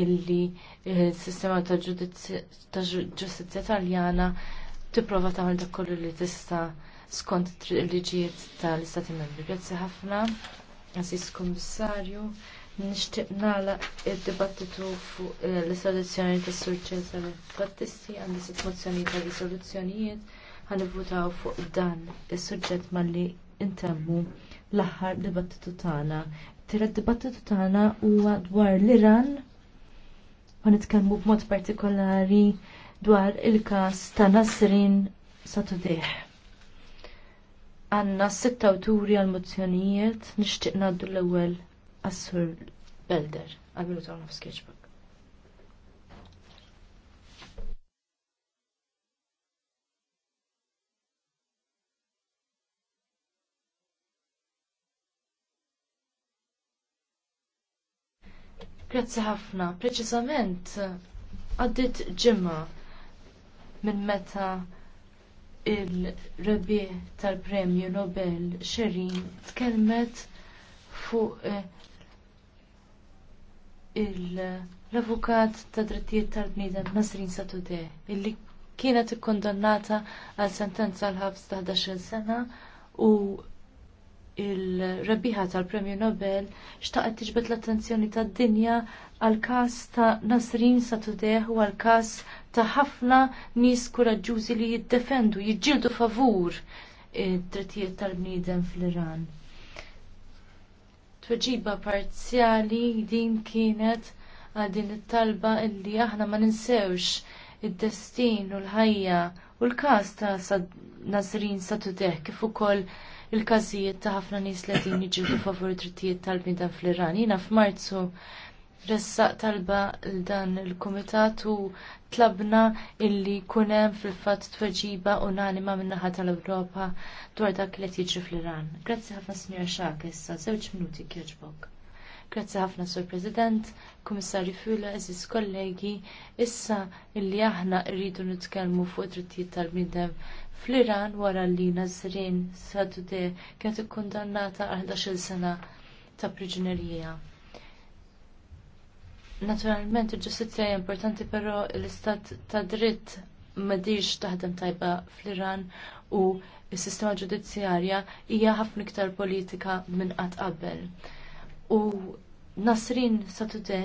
illi il-sistema eh, ta' ġustizja taljana tipprova tagħmel dak kollu li tista' skont il-liġijiet tal-Istati Membri. Grazzi ħafna, Aziz Kommissarju, nixtieq nagħlaq id-dibattitu fuq eh, l-istraduzzjoni ta' Sur Cesare Battisti għandi sitt mozzjoni ta' risoluzzjonijiet ħanivvutaw fuq dan is-suġġett malli intemmu l-aħħar dibattitu tagħna. Tira dibattitu tagħna huwa dwar l-Iran ma nitkellmu b'mod partikolari dwar il-każ ta' Nasrin Satudih. Għanna sitt awturi għal-mozzjonijiet nixtieq ngħaddu l-ewwel Assur Belder għal-minuta nofs sketchbook. Grazzi ħafna. Preċisament, għaddit ġimma minn meta il-rebi tal-Premju Nobel Sherin tkelmet fuq eh, l-avukat ta' drittijiet tal-bnidem Nasrin Satudeh illi kienet ikkondannata għal sentenza l-ħabs ta' 11 sena u il-rebbieħa tal-Premju Nobel xtaqet tiġbed l-attenzjoni tad-dinja għal każ ta' Nasrin Satudeh u għal każ ta' ħafna nies kuraġġużi li jiddefendu, jiġġieldu favur id-drittijiet eh, tal-bniedem fl-Iran. Tweġiba parzjali din kienet għal din it-talba illi aħna ma ninsewx id-destin u l-ħajja u l-każ ta' Nasrin Satudeh kif ukoll il-każijiet ta' ħafna nies li qegħdin jiġu favur drittijiet tal-bniedem fl-Iran. Jiena f'Marzu ressaq talba dan il-kumitat u tlabna illi kunem fil-fatt tweġiba unanima min-naħa tal-Ewropa dwar dak li qed jiġri fl-Iran. Grazzi ħafna Sinjor Xak issa, żewġ minuti kieġbok. Grazzi ħafna Sur President, Kummissarju Fula, eżis kollegi, issa illi aħna rridu nitkellmu fuq drittijiet tal-bniedem fl-Iran wara li Nazrin Sadude kienet ikkundannata għal 11 sena ta' priġunerija. Naturalment, il-ġustizja importanti, però l-istat ta' dritt madiġ taħdem tajba fl-Iran u s-sistema ġudizzjarja hija ħafna iktar politika minn qatt qabel. U Nasrin Satude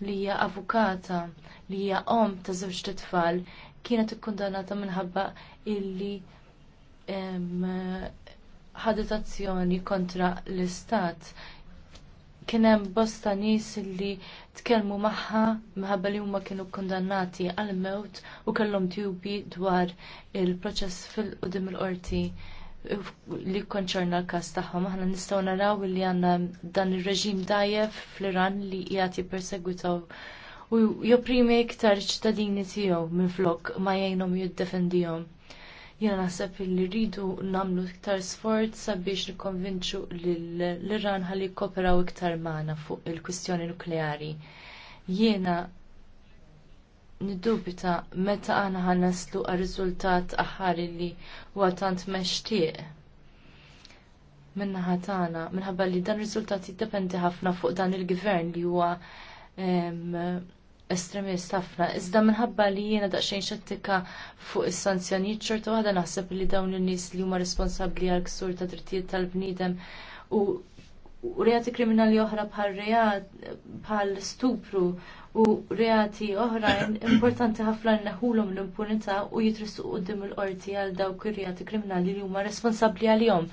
li hija avukata li hija om ta' żewġ tfal kienet ikkundannata minħabba illi ħadet azzjoni kontra l-istat. Kien hemm bosta nies li tkellmu magħha minħabba li huma kienu kkundannati għal mewt u kellhom tjubi dwar il-proċess fil-qudiem il-qorti li konċerna l-kas tagħhom. Aħna nistgħu naraw li għandna dan ir-reġim dajjef fl-Iran li qiegħed jippersegwitaw u joprimi iktar ċittadini tiegħu minflok ma jgħinhom jiddefendihom. Jiena naħseb li rridu nagħmlu iktar sfort sabiex nikkonvinċu l-Iran ħalli kooperaw iktar magħna fuq il-kwistjoni nukleari. Jiena niddubita meta aħna ħan naslu għal riżultat aħħar li huwa tant mextieq minna ħatana, minħabba li dan riżultat jiddependi ħafna fuq dan il-gvern li huwa estremist ħafna. Iżda minħabba li jiena daqsxejn xettika fuq is-sanzjonijiet xorta waħda naħseb li dawn in-nies li huma responsabbli għal ksur ta' drittijiet tal-bniedem u reati kriminali oħra bħal reat bħal stupru u reati oħrajn importanti ħafna neħulhom l-impunità u jitrissu qudiem il-qorti għal dawk ir-reati kriminali li huma responsabbli għalihom.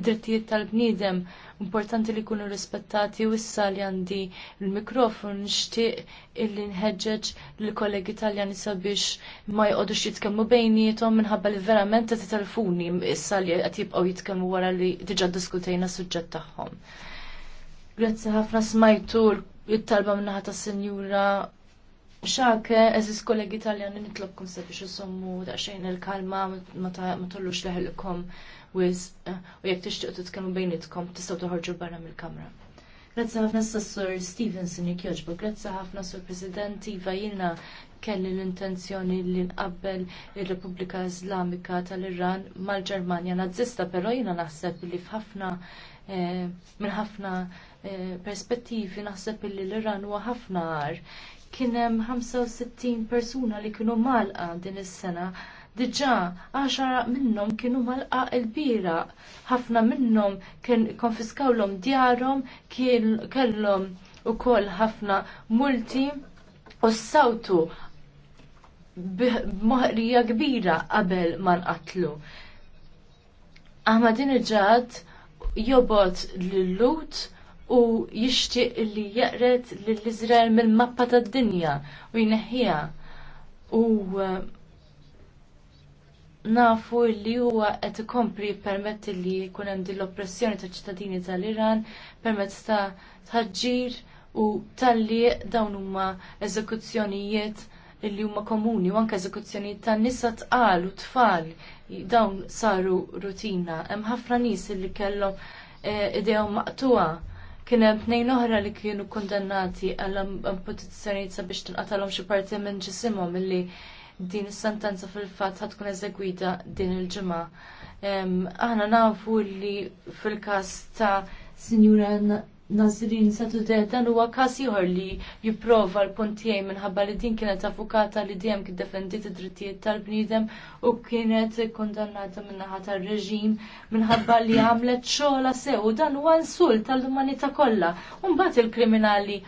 Id-drittijiet tal-bniedem importanti li jkunu rispettati u issa li għandi l-mikrofon nixtieq illi nħeġġeġ l-kollegi Taljani sabiex ma jqogħdux jitkellmu bejnietom minħabba li verament qed telefuni issa li qed jibqgħu jitkellmu wara li diġà diskutejna suġġett tagħhom. Grazzi ħafna smajtu it-talba minnaħa ta' senjura xaħke, eżis kollegi italjani nitlobkom sabiex isommu daqxajn il-kalma ma tollux leħilkom wiz u jek bejnitkom, titkellmu istaw t-ħorġu barra mill-kamra. Grazzi ħafna s-sassur Stevenson joġbu, grazzi ħafna sur President Iva kelli l-intenzjoni li nqabbel il-Repubblika Islamika tal-Iran mal-Ġermanja nazista, pero jina naħseb li f'ħafna eh, minn ħafna Eh, perspettivi naħseb illi l-Iran huwa ħafna għar. Kien hemm 65 persuna li kienu malqa din is-sena diġà 10 minnhom kienu malqa l-bira. Ħafna minnhom kien konfiskawlhom djarhom, kellhom ukoll ħafna multi u s-sawtu b'moħrija kbira qabel ma nqatlu. Aħma din iġad jobot l-lut u jixtieq li jaqret l-Izrael mill-mappa tad-dinja u jneħħiha. U eh, nafu li huwa qed ikompli jippermetti li jkun hemm din l-oppressjoni taċ ċittadini tal-Iran permezz ta' tħaġġir u talli dawn huma eżekuzzjonijiet li huma komuni u anke eżekuzzjonijiet ta' nisa tqal u tfal dawn saru rutina. Hemm ħafna nies li kellhom eh, idejhom maqtuha kien hemm tnejn oħra li kienu kundannati għal amputazzjoni sabiex tinqatalhom xi parti minn ġisimhom milli din is-sentenza fil-fatt ħad tkun eżegwita din il-ġimgħa. Aħna nafu li fil-każ ta' Sinjura Nazrin Satudeh dan huwa każ ieħor li jipprova l-puntijaj minħabba li din kienet avukata li dejjem kien defendiet id-drittijiet tal-bniedem u kienet kondannata min-naħa tar-reġim minħabba li għamlet xogħla sew dan huwa insult tal-umanità kollha. U mbagħad il-kriminali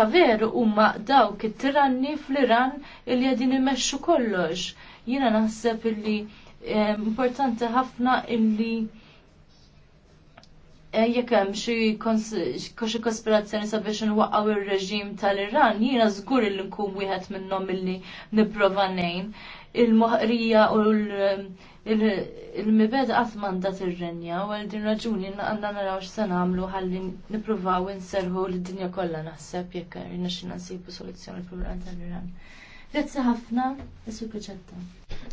ta' veru huma dawk it-tiranni fl-Iran li qegħdin imexxu kollox. Jiena naħseb illi eh, importanti ħafna illi jekk hemm xi kospirazzjoni sabiex inwaqgħu ir-reġim tal-Iran, jiena żgur li nkun wieħed minnhom milli nipprova ngħin. Il-moħrija u il-mibed qatt mandat ir-renja u għal din raġuni għandna naraw x'se nagħmlu ħalli nippruvaw inserħu lid-dinja kollha naħseb jekk irnexxina nsibu soluzzjoni l-problema tal-Iran. Grazie ħafna, e su Kuċetta.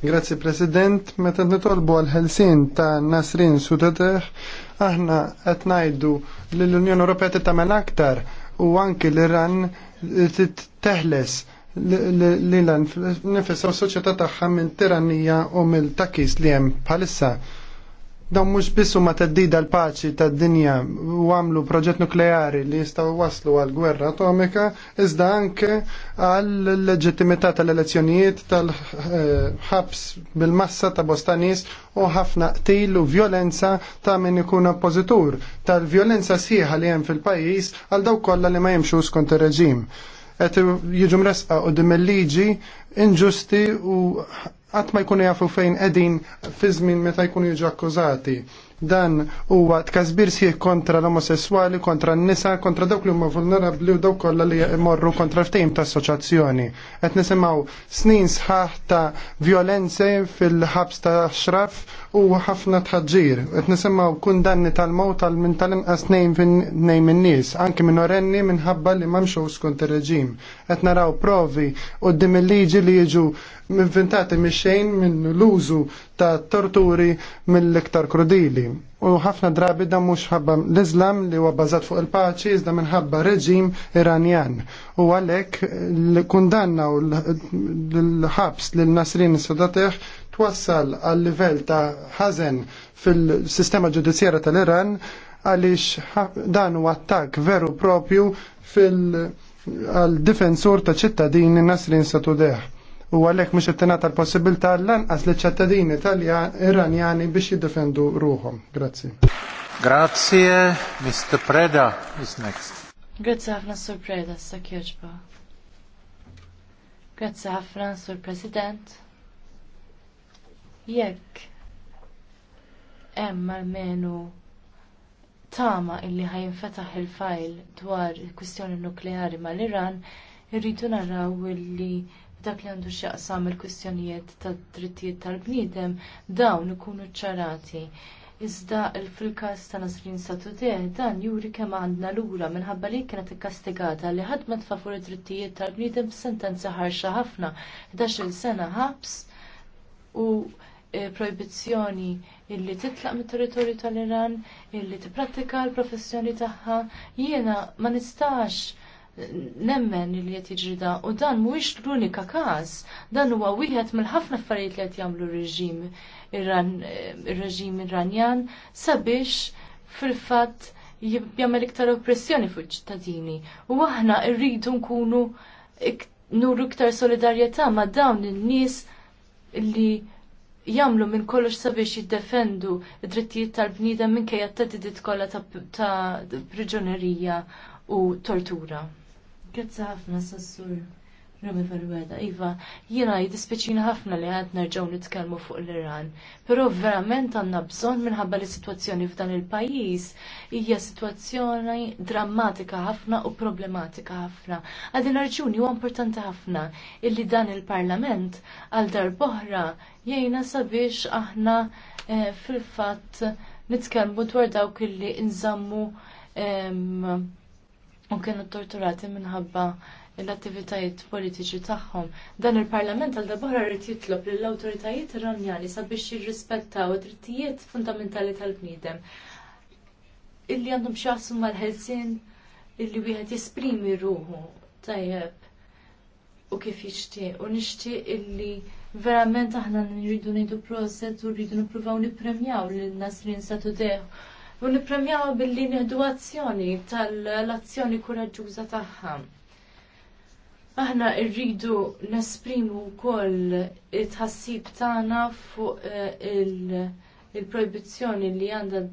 Grazie President, meta nitolbu għal-ħelsin ta' Nasrin Sudadeh, aħna qed ngħidu li l-Unjoni Ewropea tagħmel aktar u anki l-Iran teħles l-Iran nifissa u soċjetà tagħha minn tirannija u mill-takis li hemm bħalissa Dawn mhux bissu ma teddida l-paċi tad-dinja u għamlu proġett nukleari li jistgħu waslu għal gwerra atomika, iżda anke għal leġittimità tal-elezzjonijiet tal-ħabs bil-massa ta' bostanis u ħafna qtil u violenza ta' min ikun oppożitur tal-violenza sħiħa li hemm fil-pajjiż għal dawk kollha li ma jimxu skont ir-reġim. Qed jiġu mresqa u dim liġi inġusti u qatt ma jkunu jafu fejn edin fizmin meta jkunu jġakkużati. Dan huwa tkasbir sieħ kontra l-omosessuali, kontra n-nisa, kontra dawk li huma vulnerabbli u dawk kollha li jmorru kontra ftehim ta' assoċjazzjoni. Qed nisimgħu snin sħaħ ta' violenze fil-ħabs ta' xraf u ħafna tħaġġir. Qed nisimgħu kundanni tal-mowt tal minn tal-inqas nejn in nies anke minorenni minħabba li mamxu skont ir-reġim. Qed naraw provi qudiem il-liġi li jiġu inventati mix-xejn minn l-użu ta' torturi mill-iktar krudili. U ħafna drabi da mhux ħabba l-Iżlam li huwa bażat fuq il-paċi iżda minħabba reġim Iranjan. U għalhekk l-kundanna u l-ħabs l Nasrin Sodateh twassal għal livell ta' ħazen fil-sistema ġudizjera tal-Iran għaliex dan u attak veru propju fil- għal difensur ta' ċittadini Nasrin Satudeħ u għalhekk mhux qed tingħata l-possibilità lanqas li ċattadini tal-Iranjani biex jiddefendu ruhom. Grazzi. Grazie, Mr. Preda is next. Grazzi ħafna Sur Preda, sa kjoġba. Grazzi ħafna Sur President. Jekk hemm almenu tama illi ħajinfetaħ il-fajl dwar il-kwistjoni nukleari mal-Iran, irridu naraw illi dak li għandu x'jaqsam il-kwistjonijiet tad drittijiet tal bnidem dawn ikunu ċarati. Iżda fil każ ta' Nasrin Satudeh dan juri kemm għandna lura minħabba li kienet ikkastigata li ħadmet favur id-drittijiet tal-bniedem sentenza ħarxa ħafna 11-il sena ħabs u e, proibizzjoni illi titlaq mit-territorju tal-Iran, illi tipprattika l-professjoni tagħha, jiena ma nistax nemmen li qed jiġri u dan mhuwiex l-unika każ, dan huwa wieħed mill-ħafna affarijiet li qed jagħmlu r-reġim ir-reġim eh, Iranjan sabiex fil-fatt jagħmel iktar oppressjoni fuq ċittadini. U aħna rridu nkunu nuru iktar solidarjetà ma' dawn in-nies li jamlu minn kollox sabiex jiddefendu id-drittijiet tal-bnidem minn kejja t-tedidit kollha ta', ta priġonerija u tortura. Grazzi ħafna sassur. Rumi Farweda, Iva, jina jidispeċina ħafna li għad nerġaw nitkelmu fuq l-Iran, pero verament għanna bżon minħabba li situazzjoni f'dan il-pajis hija situazzjoni drammatika ħafna u problematika ħafna. Għadin arġuni huwa importanti ħafna illi dan il-Parlament għal darboħra jgħina sabiex aħna eh, fil-fatt nitkelmu dwar dawk illi nżammu ehm, u kienu torturati minħabba l-attivitajiet politiċi tagħhom. Dan il-Parlament għal darba rrid jitlob lill awtoritajiet iranjani sabiex jirrispettaw id-drittijiet fundamentali tal-bniedem. Illi għandhom x'jaħsmu mal-ħelsien illi wieħed jesprimi ruħu tajjeb u kif jixtieq u nixtieq illi verament aħna nridu ngħidu proset u rridu nippruvaw nippremjaw lin-nas li nsatu deħ u nipremjaw billi neħdu azzjoni tal-azzjoni kuraġuża tagħha. Aħna rridu nesprimu wkoll it-ħassib tagħna fuq eh, il-projbizzjoni li għandha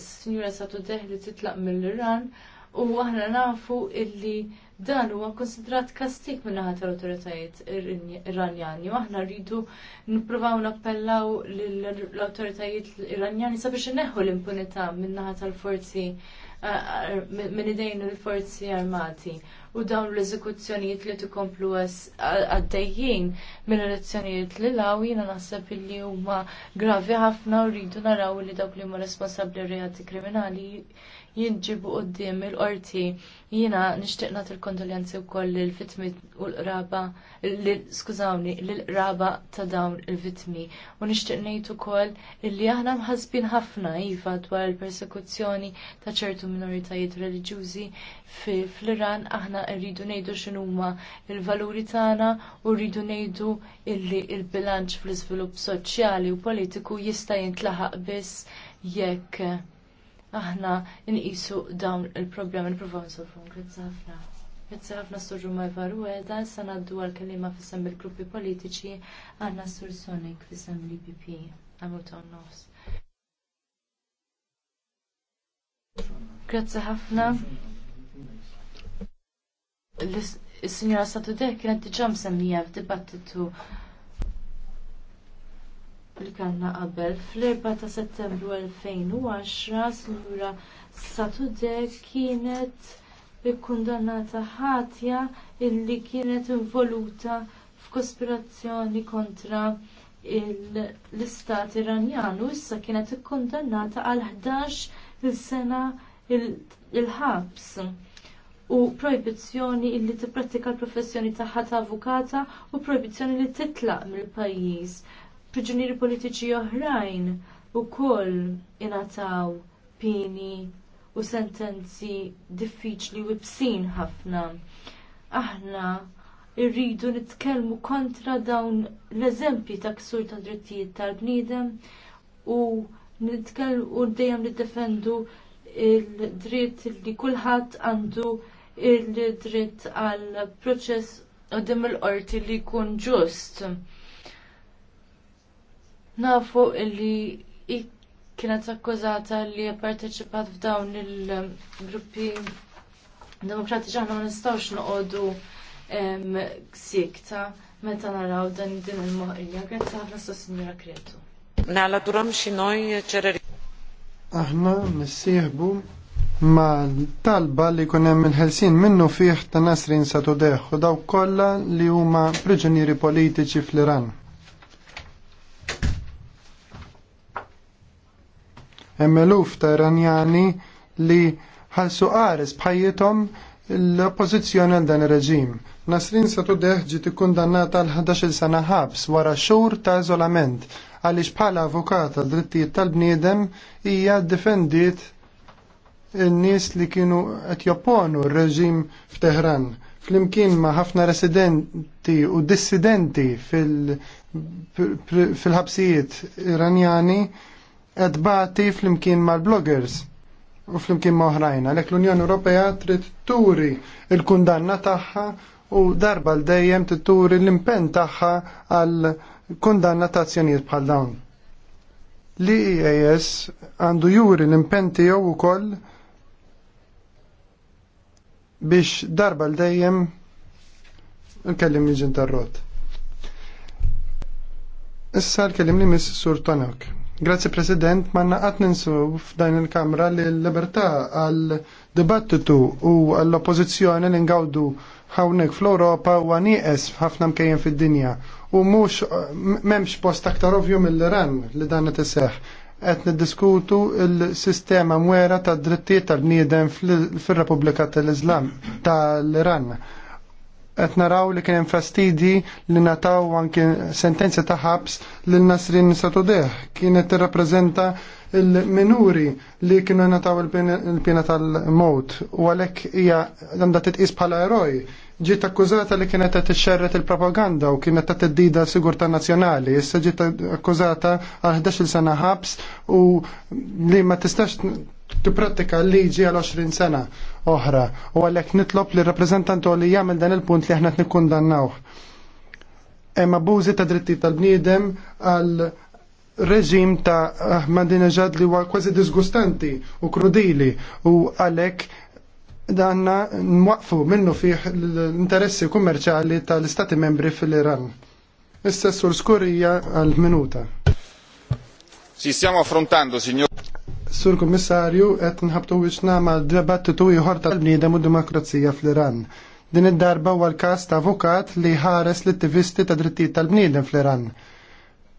s-Sinjura Satu Deħli titlaq mill-Iran u aħna nafu illi dan huwa konsidrat kastik minn naħa tal-awtoritajiet iranjani u aħna rridu nippruvaw nappellaw l-awtoritajiet iranjani sabiex ineħħu l-impunità minn naħa tal-forzi minn idejn il-forzi armati u dawn l-eżekuzzjonijiet li tikomplu għaddejjien minn elezzjonijiet li law jina naħseb li huma gravi ħafna u rridu naraw li dawk li huma responsabbli reati kriminali jinġibu qoddim il-qorti. Jiena nixtieq nagħti kondoljenzi u wkoll lill-vittmi u l-qraba, skużawni, lill-qraba ta' dawn il-vittmi. U nixtieq ngħid ukoll li aħna mħasbin ħafna iva dwar il-persekuzzjoni ta' ċertu minoritajiet reliġjużi fl-Iran aħna rridu ngħidu x'inhuma il-valuri tagħna u rridu ngħidu illi il-bilanċ fl-iżvilupp soċjali u politiku jista' jintlaħaq biss jekk aħna nqisu dawn il-programm il-provaw nsolfhom. Grazzi ħafna. Grazzi ħafna ma' Rumaj edha, sa naddu għal-kelima sem il-gruppi politiċi, aħna Sur Sonic sem l-IPP, għamlu ta' nofs. Grazzi ħafna. is signora Satudek kienet diġà msemmija f'dibattitu li kellna qabel fl-4 ta' settembru 2010 sinjura Satude kienet ikkundannata ħatja illi kienet involuta f'kospirazzjoni kontra l-istat iranjan u issa kienet ikkundannata għal 11 il-sena il-ħabs u proibizzjoni illi tipprattika l-professjoni tagħha ta' avukata u proibizzjoni li titlaq mill-pajjiż priġunieri politiċi oħrajn ukoll ingħataw pini u sentenzi diffiċli u bsin ħafna. Aħna irridu nitkellmu kontra dawn l-eżempji ta' ksur ta' drittijiet tal-bniedem u nitkellmu u dejjem niddefendu il-dritt li kulħadd għandu il-dritt għal proċess qudiem il-qorti li jkun ġust nafu illi kienet akkużata li parteċipat f'dawn il-gruppi demokratiċi aħna ma nistgħux noqogħdu sikta meta naraw dan din il-moħqija. Grazzi ħafna sa Sinjora Kretu. Nala turam xi noj Aħna missieħbu ma talba li kunem il-ħelsin minnu fih ta' Nasrin Satudeħ u daw kolla li huma priġunieri politiċi fl-Iran. Hemm ta' Iranjani li ħalsu għares bħajietom l-oppożizzjoni għal dan ir-reġim. Nasrin Satudeh ġiet ikkundannata l 11 sena ħabs wara xhur ta' iżolament għaliex bħala avukat għal drittijiet tal-bniedem hija defendiet in-nies li kienu qed jopponu r-reġim f'Teħran flimkien ma' ħafna residenti u dissidenti fil-ħabsijiet iranjani edbati flimkien mal-bloggers u flimkien ma' oħrajn. Għalhekk l-Unjoni Ewropea trid turi l-kundanna tagħha u darba l dejjem t-turi l-impenn tagħha għal kundanna ta' azzjonijiet bħal dawn. L-IAS għandu juri l-impenn tiegħu wkoll biex darba l dejjem nkellim jiġi interrot. Issa l-kellim li miss Sur Tonok. Grazie President, ma naqat ninsu f'dan il-Kamra li l-libertà għal dibattitu u għall oppożizzjoni li ngawdu Hawnek fl-Ewropa huwa nieqes ħafna mkejjen fid-dinja u mhux m'hemmx post aktar ovvju mill-Iran li dan qed iseħħ qed niddiskutu il sistema mwera tad drittijiet tal-bniedem fir-Repubblika tal-Iżlam tal-Iran qed naraw li kien hemm fastidi li nataw anke sentenza ta' ħabs lil Nasrin Satudeh kienet tirrappreżenta il-minuri li kienu nataw il-pina tal-mowt u għalhekk hija għandha titqis bħala eroj. Ġiet akkużata li kienet qed tixxerret il-propaganda u kienet qed tiddida sigurtà nazzjonali. Issa ġiet akkużata għal 11-il sena ħabs u li ma tistax tipprattika l-liġi għal 20 sena oħra u għalhekk nitlob li rappreżentantu li jagħmel dan il-punt li aħna nikkundannaw. Hemm abbużi ta' dritti tal-bniedem għal reġim ta' Ahmadinejad li huwa kważi disgustanti u krudili u għalhekk danna nwaqfu minnu fih l-interessi kummerċali tal-istati membri fil-Iran. Issa sur skurija għal-minuta. Si stiamo affrontando, signor Sur Kommissarju qed nħabtu biex nagħmel dibattitu jħor tal-bniedem u demokrazija fl-Iran. Din id-darba u l-każ ta' avukat li ħares l-attivisti ta' drittijiet tal-bniedem fl-Iran.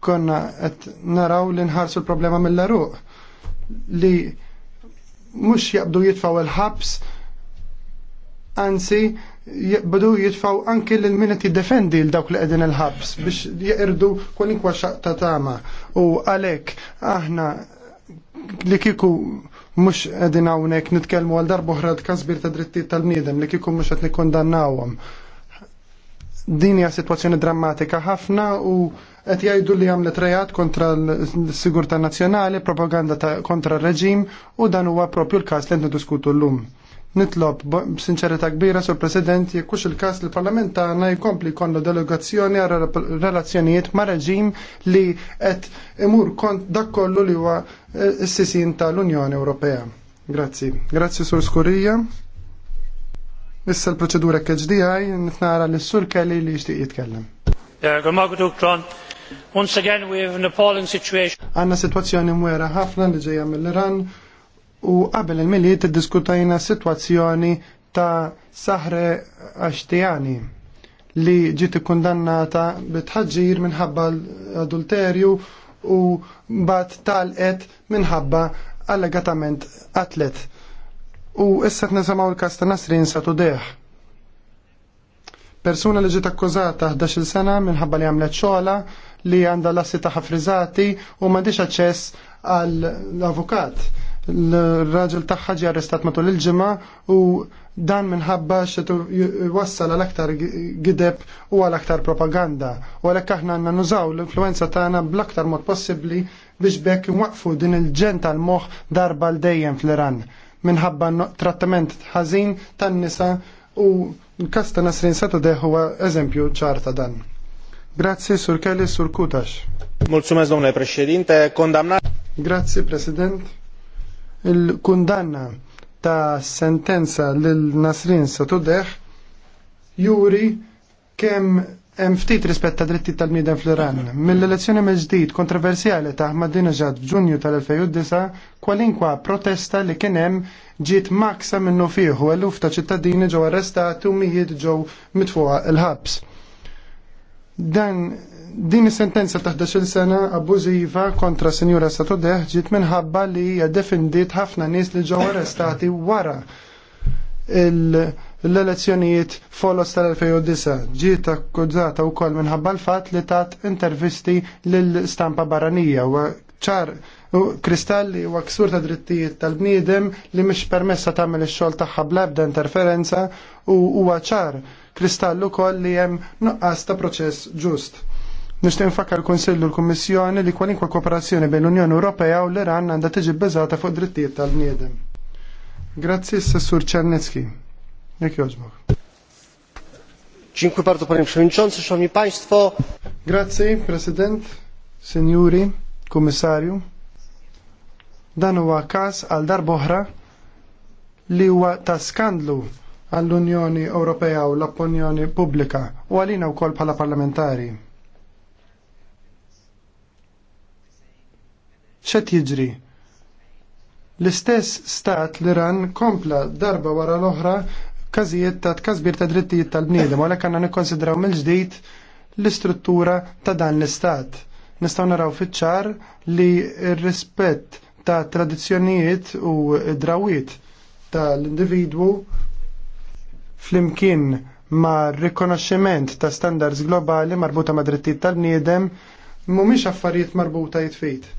Konna qed naraw li nħarsu l-problema mill-laruq li mhux jabdu jitfaw il-ħabs anzi jibdu jitfaw anki l-minet jiddefendi l-dawk li għedin il-ħabs biex jirdu kwalinkwa xaqta tama u għalek aħna li kiku mux edin għawnek nitkelmu għal darbohra kasbir ta' drittijiet tal nidem li kiku mux għet nikondannawam. Din hija situazzjoni drammatika ħafna u qed jgħidu li għamlet rejat kontra l-sigurtà nazzjonali, propaganda kontra r-reġim u dan huwa propju l-każ li qed diskutu llum. Nitlob sinċerita kbira sur President jekk hux il-każ li parlament tagħna jkompli jkollu delegazzjoni għal relazzjonijiet ma' reġim li qed imur kont dak kollu li huwa eh, s-sisin tal-Unjoni Ewropea. Grazzi. Grazzi sur Skurija. Issa l-proċedura KHDI nitnara l sur Kelly li jixtieq jitkellem. Once again we have an appalling situation. Għanna situazzjoni mwera ħafna li ġejja mill-Iran u qabel il-mili diskutajna situazzjoni ta' Saħre għaxtijani li ġiet ikkundannata bitħagġir minħabba adulterju u mbagħad talqet minħabba allegatament atlet. U issa qed l-każ ta' Nasrin tudeħ. Persuna li ġiet akkużata 11-il sena minħabba li għamlet xogħla li għandha lassi ta' friżati u m'għandix aċċess għall-avukat l-raġel tagħha ġie arrestat matul il-ġimgħa u dan minħabba xetu wassal għal aktar gideb u għal aktar propaganda. U għalhekk aħna għandna nużaw l-influenza tagħna bl-aktar mod possibbli biex bekk nwaqfu din il-ġen tal-moħħ darba l dejjem fl-Iran minħabba trattament ħażin tan-nisa u l-kasta Nasrin Satadeh huwa eżempju ċarta dan. Grazzi, Sur Kelly, Sur Kutax. Mulțumesc, domnule președinte. Condamnat. Grazie, president il-kundanna ta' sentenza lil Nasrin Satudeħ juri kemm hemm ftit rispett dritti tal-bniedem fl-Iran. Mill-elezzjoni mill-ġdid kontroversjali ta' Ahmadinejad f'Ġunju tal-2009, kwalinkwa protesta li kien hemm ġiet maksa minnu fieħu eluf ta' ċittadini ġew arrestati u mijiet ġew mitfuqa il-ħabs. Dan Din is-sentenza ta' 11 sena abbużiva kontra Sinjura Satodeh ġiet minħabba li hija defendiet ħafna nies li ġew arrestati wara l-elezzjonijiet folos tal-2009. Ġiet akkużata wkoll minħabba l-fatt li tat intervisti lill-stampa barranija u ċar kristalli u aksur ta' drittijiet tal-bniedem li mhix permessa tagħmel ix-xogħol tagħha bl-ebda interferenza u huwa ċar kristallu koll li hemm nuqqas ta' proċess ġust. Nishtin fakkar l-Konsillu l-Kommissjoni li kwalinkwa kooperazzjoni bejn l-Unjoni Ewropea u l-Iran għandha tiġi bbażata fuq drittijiet tal-bniedem. Grazzi s-Sessur Czarnecki. Jek jożbok. Dziękuję bardzo panie przewodniczący, szanowni państwo. Grazie, prezydent, seniori, komisarju. Dan huwa każ għal darboħra li huwa ta' skandlu għall-Unjoni Ewropea u l-opinjoni pubblika u għalina wkoll bħala parlamentari. ċet jiġri? L-istess stat l-Iran kompla darba wara l-oħra każijiet ta' tkasbir ta' drittijiet tal-bniedem, għalhekk għandna nikkonsidraw mill-ġdid l-istruttura ta' dan l-istat. Nistgħu naraw fitċar li r-rispett ta' tradizzjonijiet u drawiet tal-individwu flimkien ma' rikonoxximent ta' standards globali marbuta ma' drittijiet tal-bniedem mhumiex affarijiet marbuta jitfit.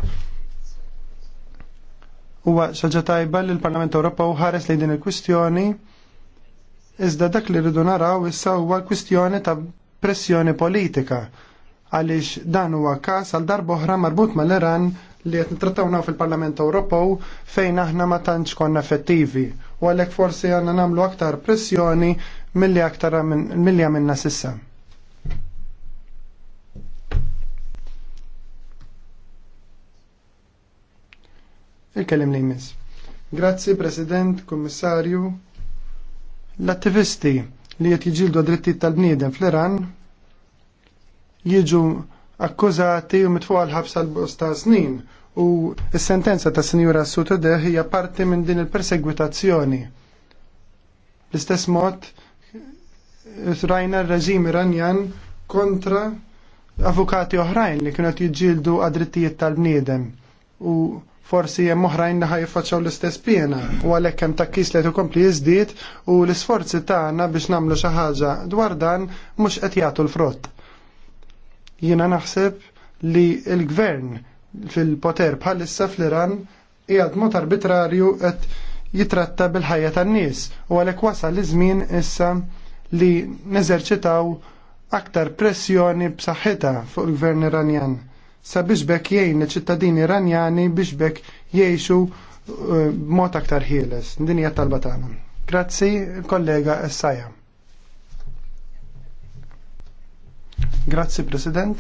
Huwa xaġa tajba li l-Parlament u ħares li din il-kwistjoni iżda dak li rridu naraw issa huwa kwistjoni ta' pressjoni politika għaliex dan huwa każ għal darba oħra marbut mal-Iran li qed nittrattawnaw fil-Parlament Ewropew fejn aħna ma tantx konna effettivi u għalhekk forsi għandna nagħmlu aktar pressjoni milli aktar milli għamilna sissa. Il-kellim li jmiss. Grazzi, President, Kommissarju. L-attivisti li qed jiġildu drittijiet tal-bniedem fl-Iran jiġu akkużati u mitfu għal-ħabsa l-bosta snin u s-sentenza ta' Sinjura Sutode hija parti minn din il-persegwitazzjoni. L-istess mod rajna r-reġim Iranjan kontra avukati oħrajn li kienu jġildu għad-drittijiet tal-bniedem u forsi hemm oħrajn li ħajfaċċaw l-istess pjena u għalhekk hemm takkis li kompli jizdit, u l-isforzi tagħna biex nagħmlu xi ħaġa dwar dan mhux qed jagħtu l-frott. Jiena naħseb li l-gvern fil-poter bħalissa fl-Iran qiegħed mod arbitrarju qed jitratta bil-ħajja tan-nies u għalhekk wasal iż-żmien issa li neżerċitaw aktar pressjoni b'saħħitha fuq il-gvern Iranjan sabiex jiejn il ċittadini iranjani biex bekk jgħixu eh, b'mod aktar ħieles. Din hija talba tagħna. Grazzi kollega Essaja. Grazzi President.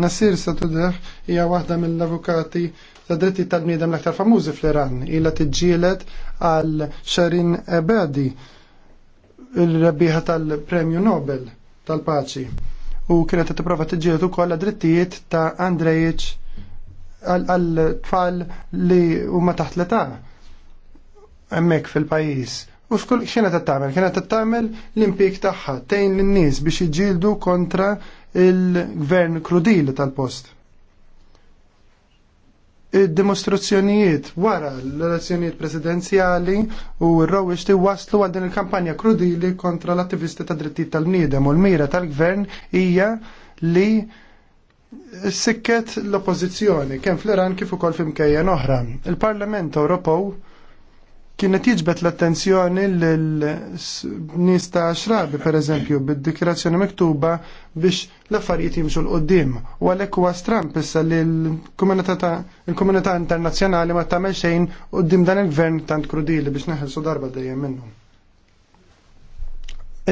Nasir Satudeh hija waħda mill-avukati ta' dritti tal-bniedem l-aktar famużi fl-Iran. Ilha tiġġieled għal Sharin Ebadi, il-rebbieħa tal-Premju Nobel tal-Paċi u kienet tipprova tiġġieled ukoll drittijiet ta' Andrejic għal tfal li huma taħt l-età hemmhekk fil-pajjiż. U skull xena ta' tagħmel? Kienet ta' tagħmel l-impjeg tagħha tgħin lin-nies biex jiġġieldu kontra il-gvern krudili tal-post id-dimostrazzjonijiet wara l-elezzjonijiet presidenzjali u r-rawix waslu għal din il-kampanja krudili kontra l-attivisti ta' dritti tal nidem u l-mira tal-gvern hija li s sikket l-oppozizjoni kemm fl-Iran kif ukoll fimkejja oħra. Il-Parlament Ewropew kienet jiġbet l-attenzjoni l-nis ta' xrabi, per eżempju, bid-dikirazzjoni miktuba biex l-affarijiet jimxu l-qoddim. U għalek u stramp issa li l-komunità internazzjonali ma tagħmel xejn qoddim dan il-gvern tant krudili biex neħelsu darba dejjem minnu.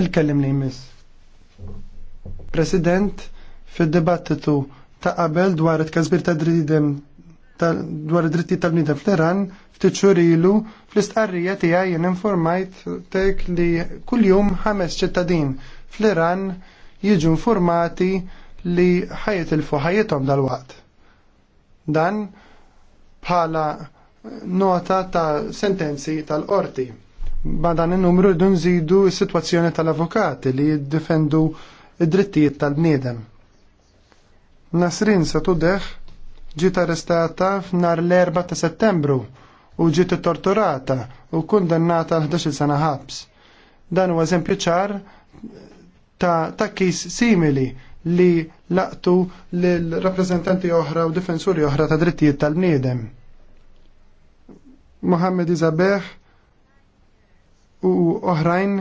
Il-kellim li jmiss. President, fid-dibattitu ta' qabel dwar it-kazbir ta' dridem dwar id-dritti tal-bnidem fl-Iran, ftit ilu fl-istqarrija tiegħi jien informajt tek li kuljum ħames ċittadin fl-Iran jiġu informati li ħajet il-fu ħajetom dal-waqt. Dan bħala nota ta' sentenzi tal-qorti. Ba' dan il-numru dun zidu situazzjoni tal-avukati li jiddefendu id-drittijiet tal-bniedem. Nasrin Satudeh ġiet arrestata f'nar l-4 ta' settembru u ġiet torturata u kundannata l 11 sena ħabs. Dan huwa eżempju ċar ta' takkis simili li laqtu l-rappresentanti oħra u difensuri oħra ta' drittijiet tal-bniedem. Mohammed Izabeh u oħrajn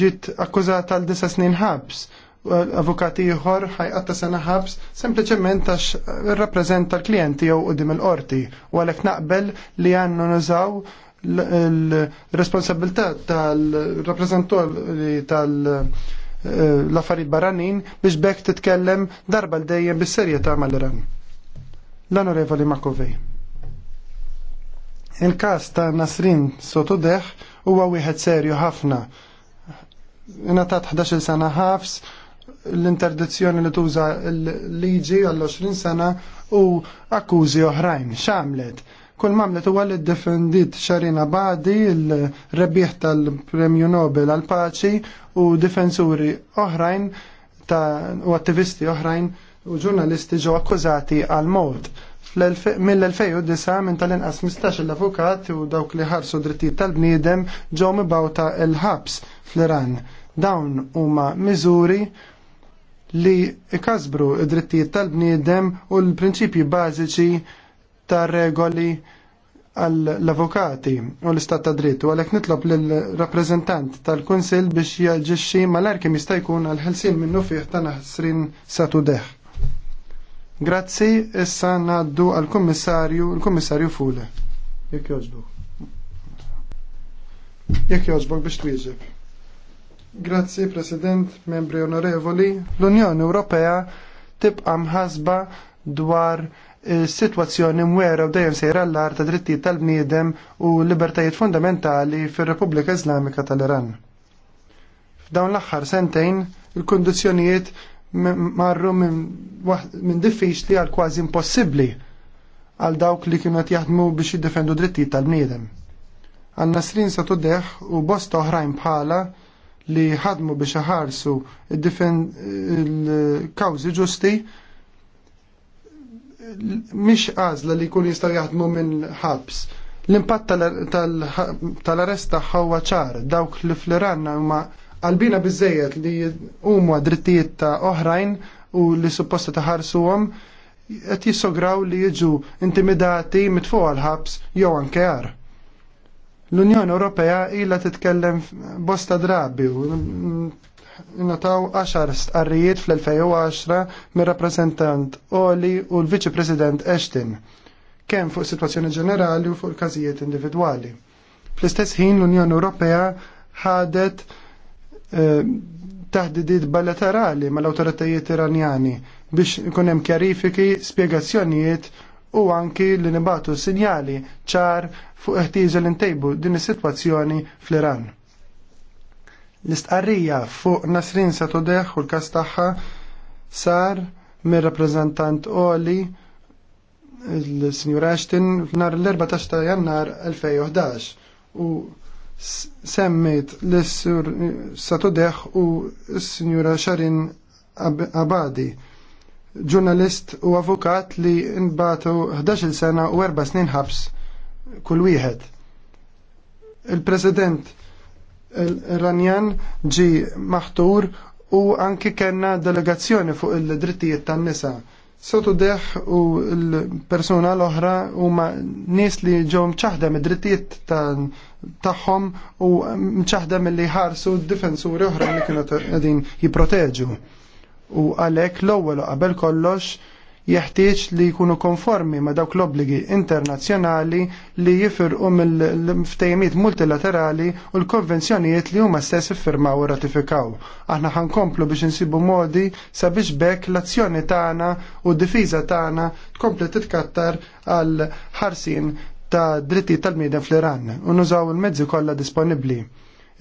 ġiet akkużata għal disa snin ħabs avukati ieħor ta' sena ħabs sempliċement għax eh, rappreżenta l-klijenti jew qudiem il-qorti u għalhekk naqbel li għandu nużaw l-responsabilità tal-rappreżentanti tal- eh, l-affarijiet barranin biex bekk titkellem darba l dejjem bis-serjetà mal-Iran. L-Onorevoli Makovej. Il-każ ta' Nasrin Sotodeħ huwa wieħed serju ħafna. ingħatat 11 sena ħafs l-interdizzjoni li tuża l-liġi għall-20 sena u akkużi oħrajn. X'għamlet? Kull mamlet huwa li defendit xarina Badi, il-rebbieħ tal-Premju Nobel għal paċi u difensuri oħrajn u attivisti oħrajn u ġurnalisti ġew akkużati għal mod. Mill-2009 minn tal-inqas 15 avukat u dawk li ħarsu drittijiet tal-bniedem ġew mibawta l-ħabs fl-Iran. Dawn huma miżuri li ikasbru id-drittijiet tal-bniedem u l-prinċipji bażiċi tar regoli għall-avukati u l-istat ta' drittu għalhekk nitlob lill-rappreżentant tal-Kunsill biex jaġixxi malar kemm jista' jkun għall-ħelsien minnu fiħ ta' naħsrin satu deħ. Grazzi, issa ngħaddu għall-Kummissarju, l-Kummissarju Fule. Jekk jogħġbu. Jekk jogħġbok biex twieġeb. Grazzi, President, membri onorevoli. L-Unjoni Ewropea tibqa' mħasba dwar eh, situazzjoni mwera u dejjem sejra l art ta' drittijiet tal-bniedem u libertajiet fundamentali fir-Repubblika Islamika tal-Iran. F'dawn l-aħħar sentejn il kundizzjonijiet marru minn diffiċli għal kważi impossibbli għal dawk li kienu jaħdmu biex jiddefendu drittijiet tal-bniedem. Għal Nasrin Satudeħ u bosta oħrajn bħala li ħadmu biex ħarsu il-kawzi ġusti mish għazla li kun jistaw jaħdmu minn ħabs. L-impatt tal-arrest huwa ċar, dawk li fl-Iranna huma għalbina bizzejet li huma drittijiet ta' oħrajn u li supposta taħarsuhom qed jissograw li jiġu intimidati mitfuq għal ħabs jew anke L-Unjoni Ewropea ilha titkellem bosta drabi u nataw 10 stqarrijiet fl-2010 mir rappresentant Oli u l-Viċi President Ashton, kemm fuq situazzjoni ġenerali u fuq każijiet individwali. Fl-istess ħin l-Unjoni Ewropea ħadet eh, taħdidiet bilaterali mal-awtoritajiet iranjani biex ikun hemm kjarifiki, spjegazzjonijiet u anki li nibatu sinjali ċar fuq iħtieġa li ntejbu din is-sitwazzjoni fl-Iran. L-istqarrija fuq Nasrin Satodeħ u l-kas tagħha sar mir rappreżentant Oli l-Sinjur Ashton f'nar l-14 ta' jannar 2011 u semmit l-Sur Satodeħ u s-Sinjura Sharin Abadi ġurnalist u avukat li nbatu 11 sena u 4 snin ħabs kull wieħed. Il-President Ranjan ġi maħtur u anki kena delegazzjoni fuq il-drittijiet tan-nisa. Sotu deħ u l-persuna l-oħra u ma nis li ġew mċaħdem id drittijiet tagħhom u mċaħda li ħarsu d-difensuri oħra li kienu qegħdin jipproteġu u għalhekk l-ewwel qabel kollox jeħtieġ li jkunu konformi ma' dawk l-obbligi internazzjonali li jifirqu mill-ftejmiet multilaterali u l-konvenzjonijiet li huma stess iffirmaw u ratifikaw. Aħna ħankomplu biex insibu modi sabiex bekk l-azzjoni tagħna u d-difiża tagħna tkompli titkattar għal ħarsin ta' dritti tal-miedem fl-Iran u nużaw il-mezzi kollha disponibbli.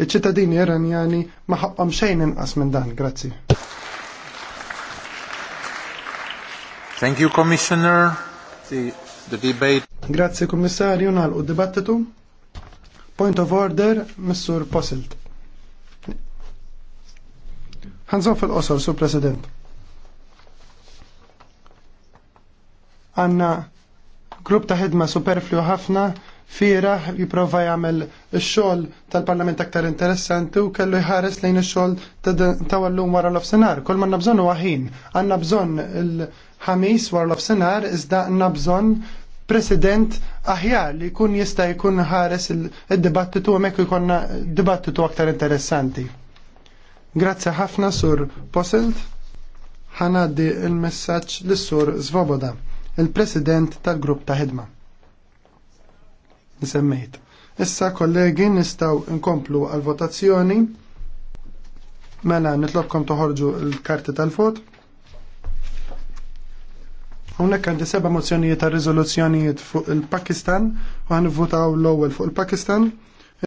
Iċ-ċittadini iranjani ma ħabqhom xejn inqas minn dan, grazzi. Thank you, Commissioner. The, the debate. Grazie, dibattitu. Point of order, Mr. Posselt. off fil osor, Sur President. Anna grupp ta' ħidma superflu ħafna firaħ jiprofa jagħmel il xogħol tal-Parlament aktar interessanti u kellu jħares lejn ix-xogħol ta' wallum wara l-ofsenar. Kull man bżonn u għahin, għanna bżon il- ħamis war l-ofsenar iżda nabżon president aħjar li kun jista' jkun ħares il-dibattitu hemmhekk jkonna dibattitu aktar interessanti. Grazzi ħafna sur Posselt. Ħanaddi il-messaġġ lis-sur Svoboda, il-President tal-Grupp ta' Ħidma. Nisemmejt. Issa kollegi nistaw nkomplu għal-votazzjoni. Mela nitlobkom toħorġu l-karti tal-vot. Hawnhekk għandi seba' mozzjonijiet ta' riżoluzzjonijiet fuq il-Pakistan u ħanivvutaw l-ewwel fuq il-Pakistan.